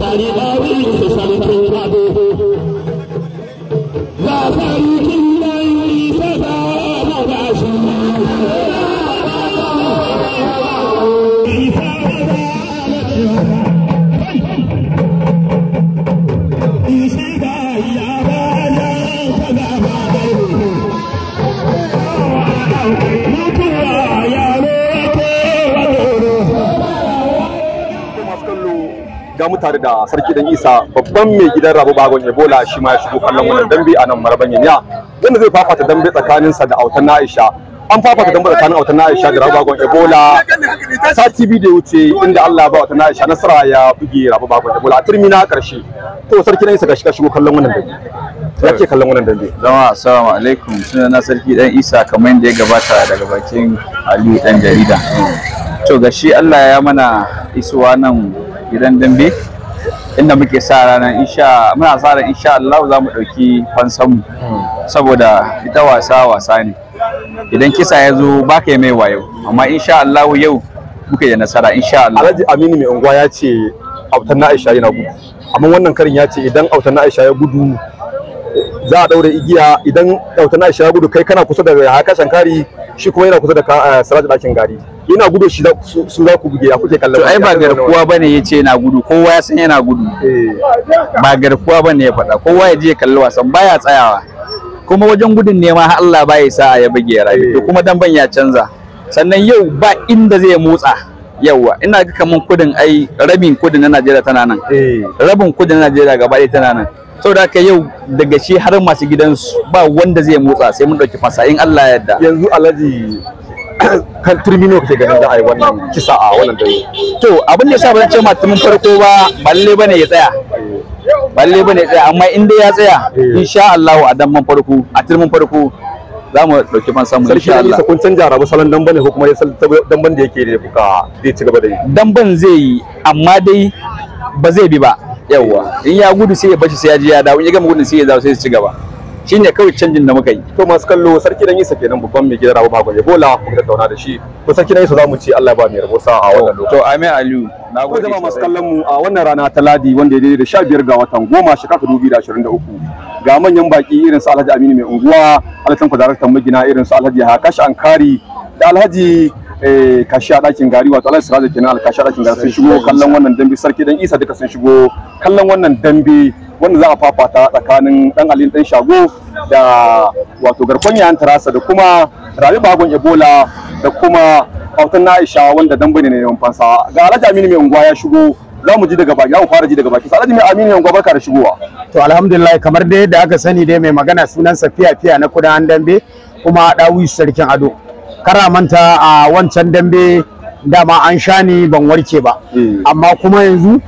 da da tare da sarki dan isa babban mai gidan rabu bagon ebola shi ma ya shigo kallon wannan dambe a nan maraban yanya wanda zai fafata dambe tsakanin sa da autan aisha an fafata dambe tsakanin autan aisha da rabu bagon ebola sati biyu da wuce inda allah ba autan aisha nasara ya buge rabu bagon ebola a turmi na karshe to sarki dan isa ga shiga shigo kallon wannan dambe ya ke kallon wannan dambe jama'a assalamu alaikum sunana sarki dan isa kamar yadda ya gabata daga bakin ali dan jarida to gashi allah ya mana isuwa nan gidan dambe inda muke sa ranar insha muna sa ran insha Allah za mu ɗauki fansanmu saboda ita wasa wasa ne idan kisa ya zo ba ka mai wayo amma insha Allah yau muke da nasara insha Allah Alhaji Aminu mai unguwa ya ce autan na Aisha yana gudu amma wannan karin ya ce idan autan na Aisha ya gudu za a daure igiya idan autan na Aisha ya gudu kai kana kusa da haka shankari shi kuma yana kusa da eh, sarajin dakin gari ina gudu shi su za ku buge ya kuke kallon ai ba garkuwa bane yace yana gudu kowa ya san yana gudu eh. ba garkuwa bane ya faɗa kowa ya je ya kalli wasan baya tsayawa kuma wajen gudun nema har Allah baya sa ya buge ya rabi to eh. kuma dan ban ya canza sannan yau ba inda zai motsa yauwa ina ga kaman kudin ai rabin kudin na Najeriya tana nan eh. rabin kudin na Najeriya gaba ɗaya tana nan saboda haka yau daga shi har masu gidansu ba wanda zai motsa sai mun ɗauki fasa in Allah ya yarda yanzu alhaji kan turmino ne kake ganin za a yi wannan kisa a wannan dare to abin da yasa ban ce ma turmin farko ba balle bane ya tsaya balle bane ya tsaya amma in dai ya tsaya eh. insha Allah a man farko a turmin farko za mu dauki man samu insha Allah sai kun canja rabu salon dan ne ko kuma damban da yake da kuka zai ci gaba da yi ban zai yi amma dai ba zai bi ba yawa in ya gudu sai ya bashi sai ya ji ya dawo in ya gama gudun sai ya dawo sai ya ci gaba shine kawai canjin da muka yi to masu kallo sarki dan Isa kenan babban mai gidan Rabu Magon bola kuma da tauna da shi to sarki dan Isa zamu ce Allah ba mai rabo sa a wannan lokaci to amin na gode jama'a masu kallon mu a wannan rana ta Ladi wanda ya daidai da 15 ga watan 10 shekara 2023 ga manyan baki irin su Alhaji Aminu mai unguwa Alhaji Tanko Tambagina irin su Alhaji Hakashi Ankari da Alhaji Eh, kashi a ɗakin gari wato alai siraja kenan alkashi a ɗakin gari sun shigo kallon wannan dambe sarki dan isa duka sun shigo kallon wannan dambe wanda za a fafata tsakanin dan alin dan shago da wato garkon yayan tarasa da kuma rabi bagon ebola da kuma hautan na wanda dambe ne ne yawan fansa ga alhaji aminu mai unguwa ya shigo za mu ji daga baki za mu fara ji daga baki alhaji mai aminu mai unguwa barka da shigowa to alhamdulillah kamar dai da aka sani dai mai magana sunansa fiya fiya na kudan dambe kuma dawi sarkin ado kara manta a wancan dambe dama an sha ni ban warke ba hmm. amma kuma yanzu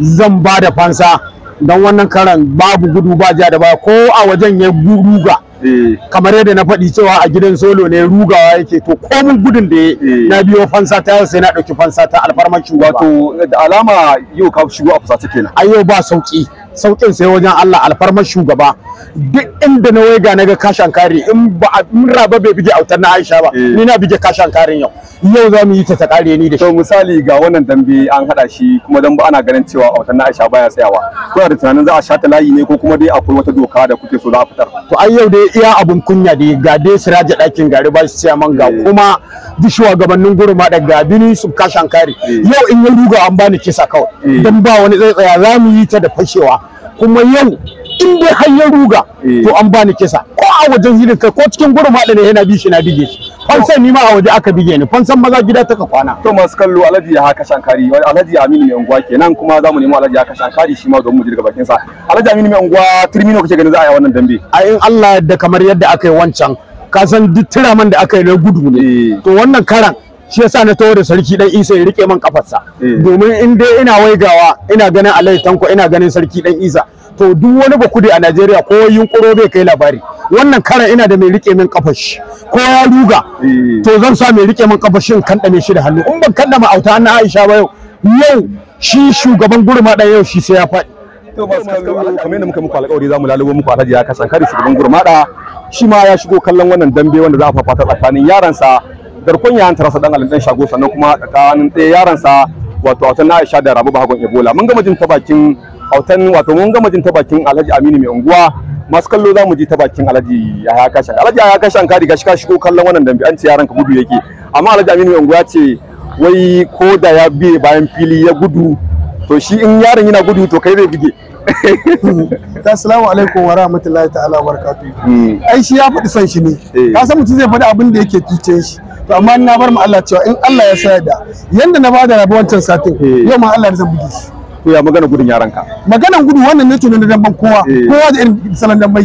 zan ba da fansa don wannan karan babu gudu ba ja da ba ko a wajen ya ruga hmm. kamar yadda na faɗi cewa a gidan solo ne rugawa yake to mun gudun da hmm. na biyo fansa ta sai na ɗauki fansa ta alfarmar shugaba to da alama yau ka shigo a fusace kenan ai yau ba sauki saukin sai wajen Allah alfarmar shugaba duk inda na waiga na ga kashan kare in ba in raba bai bige autar na Aisha ba eh. ni na bige kashan karin yau yau za mu yi ta kare ni da shi to misali ga wannan dambe an hada shi kuma dan ana ganin cewa autar na Aisha baya tsayawa ko da tunanin za a shata layi ne ko kuma dai akwai wata doka da kuke so za a fitar to ai yau dai iya abun kunya dai ga dai Siraja dakin gari ba shi man ga eh. kuma dishuwa gabanin ma da bini su kashan kari eh. yau in ya ruga an bani kisa kawai dan ba wani tsaya za mu yi ta da fashewa kuma yau in dai har ya ruga to an bani kisa ko a wajen hirin kai ko cikin gurin haɗa ne yana bi shi na bige shi fansan ni ma a waje aka bige ni fansan maza gida ta kwana to masu kallo alhaji ya haka shankari alhaji aminu mai unguwa kenan kuma zamu nemi alhaji ya haka shankari shi ma don mu jirga bakin sa alhaji aminu mai unguwa turmino kake ganin za a yi wannan dambe a in Allah yadda kamar yadda aka yi wancan ka san duk tiraman da aka yi na gudu ne eh. to wannan karan shi yasa na tawo da sarki dan isa ya rike man kafarsa eh. domin in dai ina waigawa ina ganin alai tanko ina ganin sarki dan isa to duk wani bakudi a najeriya ko yunkuro bai kai labari wannan karan ina da mai rike min kafar shi ko ya ruga eh. to zan sa mai rike min kafar shi kan dame shi da hannu in ban kandama auta na aisha ba yau yau shi shugaban gurma da yau shi sai ya faɗi to ba kamar yadda muka muku alƙawari zamu lalubo muku alhaji ya kasan kare shugaban gurmada shi ma ya shigo kallon wannan dambe wanda za a fafata tsakanin yaransa garkon yayan tarasa dan alin shago sannan kuma tsakanin ɗaya yaransa wato autan na Aisha da Rabu Bahagon Ebola mun gama jin ta bakin autan wato mun gama jin ta bakin Alhaji Aminu mai unguwa masu kallo za mu ji ta bakin Alhaji Yahaya Kashan Alhaji Yahaya Kashan ka riga shi ka kallon wannan dambe an ce yaran ka gudu yake amma Alhaji Aminu mai unguwa ce wai ko da ya biye bayan fili ya gudu to shi in yaron yana gudu to kai zai bige assalamu alaikum wa rahmatullahi ta'ala wa barakatuh hmm. ai shi ya faɗi son shi ne eh. ka san mutum zai faɗi abin da yake tuce shi to amma na bar mu Allah cewa in Allah ya sa da yanda na bada rabu wancan satin eh. yau ma Allah zan buge shi to ya magana gudun ka maganan gudu wannan ne tunan dan ban kowa eh. kowa da irin salon dan bai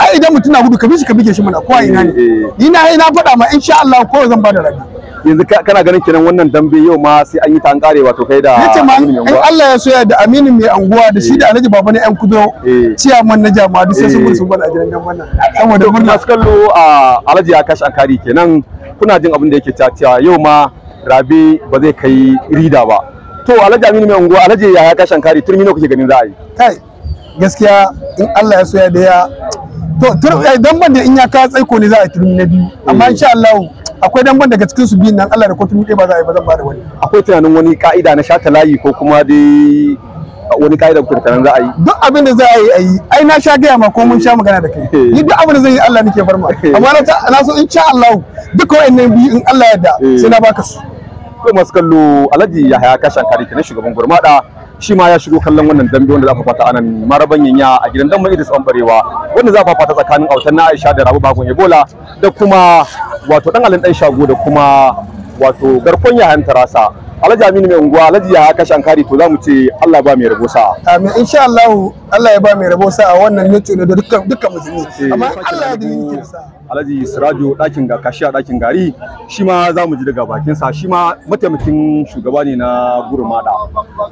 ai idan mutuna na gudu ka bi shi ka bige shi mana kowa ina ne eh, ina na na faɗa ma insha Allah kowa zan bada rabi yanzu kana ganin kenan wannan dambe yau ma sai an yi ta an kare wato kai da yace ma in Allah ya soya da aminin mai anguwa da shi da eh. Alhaji Baba ne yan kudo eh. man na jama'a duk sai sun gudu eh. sun bada a gidan wannan nan saboda mun su kallo a Alhaji ya kashi an kenan kuna jin abin da yake cewa yau ma Rabi ba zai kai rida ba to Alhaji Aminu mai anguwa Alhaji ya kashi an kare turmi ne kuke ganin za a yi kai gaskiya in Allah ya soya da ya to ban da in ya ka tsaiko ne za a turmi na biyu amma insha Allah akwai dan ban daga cikin su biyun nan Allah da kotu ɗaya ba za a yi ba zan ba da wani akwai tunanin wani ka'ida na shata layi ko kuma dai wani ka'idar kurkaran za a yi duk abin da za a yi a yi ai na sha gaya ma ko mun sha magana da kai eh. ni duk abin da zan yi Allah nake farma eh. amma na so in sha Allah duk wayannan biyu in Allah ya yarda eh. sai na baka su to masu kallo Alhaji Yahaya Kashan Kari kenan shugaban gurmada shi ma ya shigo kallon wannan dambe wanda za a fata anan maraban yanya a gidan dan Idris ambarewa, wanda za a fafata tsakanin autan na Aisha da Rabu Bagon Ebola da kuma wato dan Alin dan Shago da kuma wato garkon Yahan Tarasa Alhaji Aminu mai unguwa Alhaji ya kashe ankari to zamu ce Allah ba mai rabo sa. Amin insha Allah Allah ya ba mai rabo sa'a wannan ne ne da dukkan dukkan musulmi eh, amma Allah ya yake Alhaji Sirajo dakin ga kashi a dakin gari shi ma zamu ji daga bakin sa shi ma mataimakin shugaba ne na gurmada.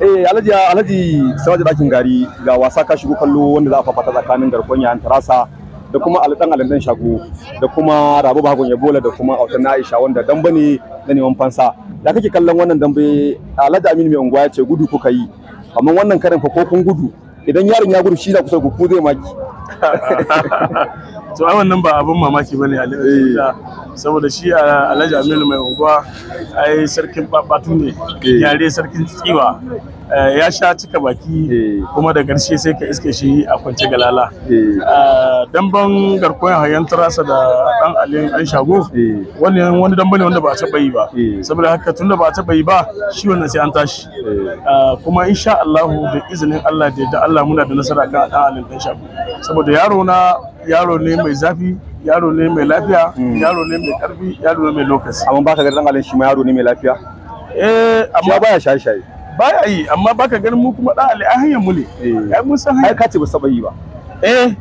Eh Alhaji Alhaji Sirajo dakin gari ga wasa ka shigo kallo wanda za a fafata tsakanin garkon yayan tarasa da kuma alɗan alɗan shago da kuma rabu bagon yabola da kuma autan aisha wanda damba ne na neman fansa da kake kallon wannan dambe alhaji aminu mai unguwa ya ce gudu kuka yi amma wannan karin fa ko kun gudu idan yaron ya gudu shi na kusa ku zai maki to ai wannan ba abin mamaki bane alhaji eh. saboda shi ah, alhaji aminu mai unguwa ai sarkin babatu ne eh. yare sarkin tsiwa Eh, ya sha cika baki eh. kuma da ƙarshe sai ka iske shi a kwance galala eh. damban garkuwar hayan turasa da dan alin an shago wannan wani damba ne wanda ba a taɓa yi ba saboda haka tun da ba a taɓa yi ba shi wannan sai an tashi kuma insha Allah da izinin Allah da yadda Allah muna da nasara kan dan alin dan shago saboda yaro na yaro ne mai zafi yaro ne mai lafiya hmm. yaro ne mai karfi yaro ne mai lokaci amma ka ga dan alin shi ma yaro ne mai lafiya eh amma baya shaye-shaye baya yi amma baka ganin mu kuma da alai an hanyar mu ne eh. ai mun san hanyar ka ce ba saba yi ba eh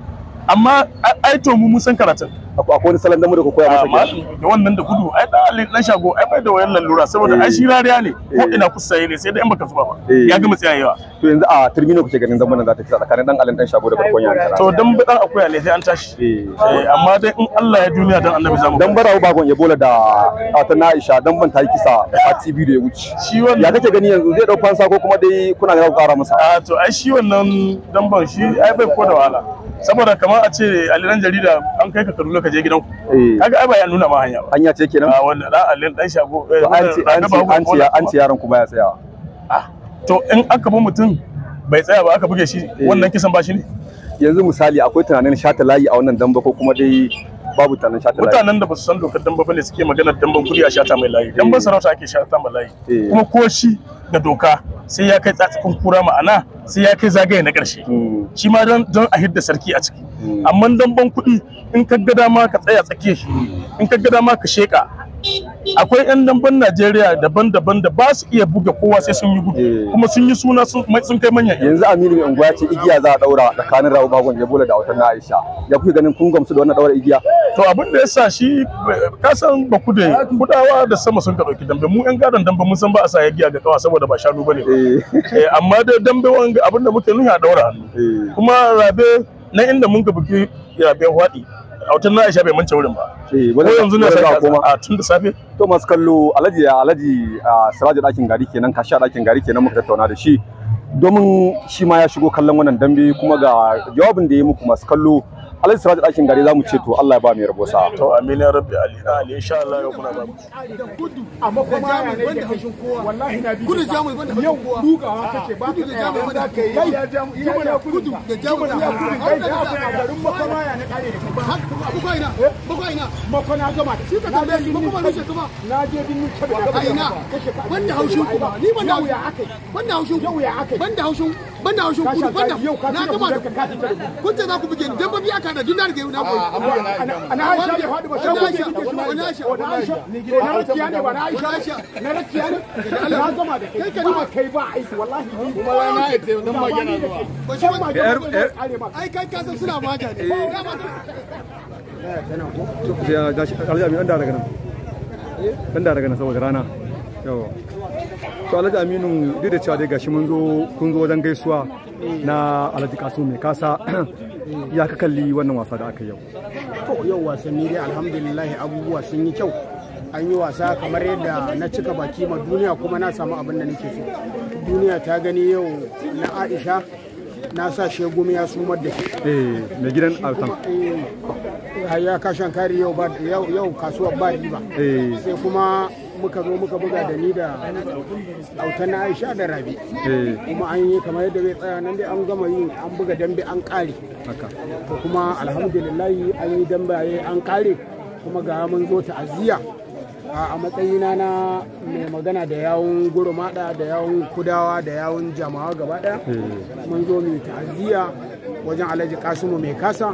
amma ai to mu mun san karatun akwai wani salan da mu da ku koya masa amma da wannan da gudu ai da dan dan shago ai bai da wayan lallura saboda ai shi eh. rariya ne ko eh. ina kusaye ne sai da in baka zuba ba eh. ya gama tsayayewa to yanzu a termino kuke ganin zaman nan za ta kisa tsakanin dan alin dan shago da barkon yara to dan bi dan akuya ne sai an tashi eh amma dai in Allah ya duniya dan annabi zamu dan barawo bagon ya bola da ta na Aisha dan ban ta yi kisa a TV da ya wuce shi wannan ya kake gani yanzu zai dau fansa ko kuma dai kuna ga ku kara masa a to ai shi wannan dan ban shi ai bai ko da wahala saboda kamar a ce aliran jarida an kai ka kaduna ka je gidan ku eh. kaga ai ba ya nuna ma hanya ba hanya ce kenan ah, a wannan da alin dan shago eh, an ce an ce an yaron ku baya tsayawa ah, to in aka bi mutum bai tsaya ba aka buge shi eh. wannan kisan ba shi ne yanzu misali akwai tunanin shata layi a wannan damba ko kuma dai babu tunanin shata layi mutanen da ba su san dokar damba bane suke magana damban kudi a shata mai layi damban sarauta ake shata mai layi kuma ko shi da doka sai ya kai tsatsakin kura ma'ana sai ya kai zagaye na ƙarshe hmm. shi ma don a hidda sarki a ciki hmm. amma don ban kuɗi in ka ga dama ka tsaya tsakiya shi hmm. in ka ga dama ka sheka akwai 'yan damben Najeriya daban-daban da ba su iya buga kowa sai sun yi gudu eh. kuma sun yi suna sun kai manyan yanzu Aminu mai unguwa ce igiya za a daura tsakanin Rawu Bagon ya bola da wata na Aisha ya kuke ganin kun gamsu da wannan daura igiya to abin da yasa shi kasan ba ku da kudawa da sama sun ka dauki dambe mu 'yan gadon dambe mun san ba a sa igiya ga kawa saboda ba shanu bane eh. eh, amma da dambe wanga abin da muke nuna daura hannu kuma rabe na inda mun ka buki rabe hwadi autan na Aisha bai mance wurin ba eh, ko yanzu na sai koma a tun da safe to masu kallo Alhaji Alhaji Siraji dakin gari kenan ka sha dakin gari kenan muka tattauna da shi domin shi ma ya shigo kallon wannan dambe kuma ga jawabin da ya muku masu kallo alai sirajin ɗakin gari za mu ce to Allah ya ba mu yarbo sa to amin ya rabbi ali insha Allah ya muna ba mu amma kuma wanda hashin kowa wallahi na bi gudu jamu wanda hashin kowa dukawa kace ba gudu jamu wanda kai ya jamu ya gudu da jamu ya gudu kai da aka garin makoma ya na kare ba har kuma buka ina buka ina makona gama shi ka tabe shi kuma rushe kuma na je din ni kabe da ina wanda haushin kuma ni ban da ya eh? akai wanda haushin yau ya akai ban da haushin ban da haushin gudu ban da na gama da kun ce za ku buge dan ba bi aka da duk da rike na boye ah, ana aisha ya fadi ba shago ke kike shi wani aisha wani aisha na rakiya ne ba na aisha na rakiya ne na gama da kai kai kai ba aiki wallahi kuma wai na ite nan ma yana ko shi ma ai kai ka san suna mata ne ya eh. ah, gashi aljami dan da daga nan eh? dan da daga nan saboda rana yawa to alhaji aminu duk da cewa dai gashi mun zo kun zo wajen gaisuwa na alhaji kasu mai kasa ya ka kalli wannan wasa da aka yau to yau wasanni dai alhamdulillah abubuwa sun yi kyau an yi wasa kamar yadda na cika baki ma duniya kuma na samu abin da nake so duniya ta gani yau na aisha na sa shegu ya sumar da shi eh, mai gidan eh, ya kashan kari yau kasuwar ba riba eh. sai kuma muka zo muka buga da ni da autan na aisha da rabi eh. kuma an yi kamar yadda bai tsaya nan dai an gama yi an buga dambe an kare kuma alhamdulillahi an yi dambe an kare kuma ga mun zo ta'aziyya a matsayina na mai magana da yawun gurmada da yawun kudawa da yawun jama'a gaba daya eh. mun zo mai ta'aziyya wajen alhaji kasimu mai kasa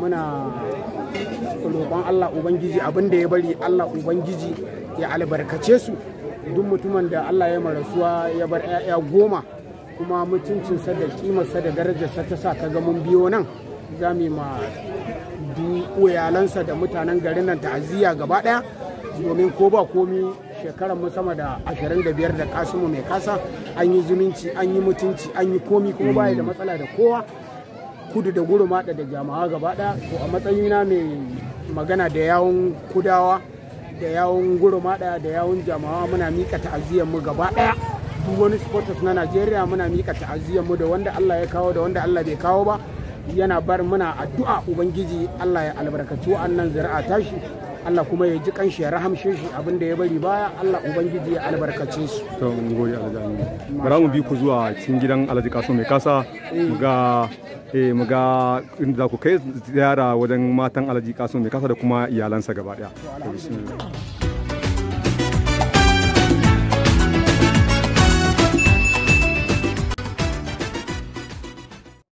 muna roƙon allah ubangiji abinda ya bari allah ubangiji ya albarkace su duk mutumin da Allah ya marasuwa ya bar 'ya'ya goma kuma mutuncinsa da kimarsa da darajarsa ta sa ka ga mun biyo nan za mu ma iyalansa da mutanen garin nan ta'aziyya gaba daya domin ko ba komi shekarar mu sama da 25 da kasimu mai kasa an yi zumunci an yi mutunci an yi komi kuma baya da matsala da kowa kudu da guruma da jama'a gaba daya to a matsayina mai magana da yawon kudawa da yawon gurumada da yawon jama'a muna mika ta'aziyar mu gaba daya duk wani supporters na Najeriya muna mika ta'aziyar mu da wanda Allah ya kawo da wanda Allah bai kawo ba yana bar muna addu'a ubangiji Allah ya albarkaci wannan zira'a tashi Allah kuma ya ji kanshi ya rahamshe shi abin da ya bari baya Allah ubangiji ya albarkace su to mun gode Allah mu bi ku zuwa cikin gidan Alhaji Kaso mai kasa ga eh mu inda ku kai ziyara wajen matan alaji kasu mai kasa da kuma iyalansa gaba daya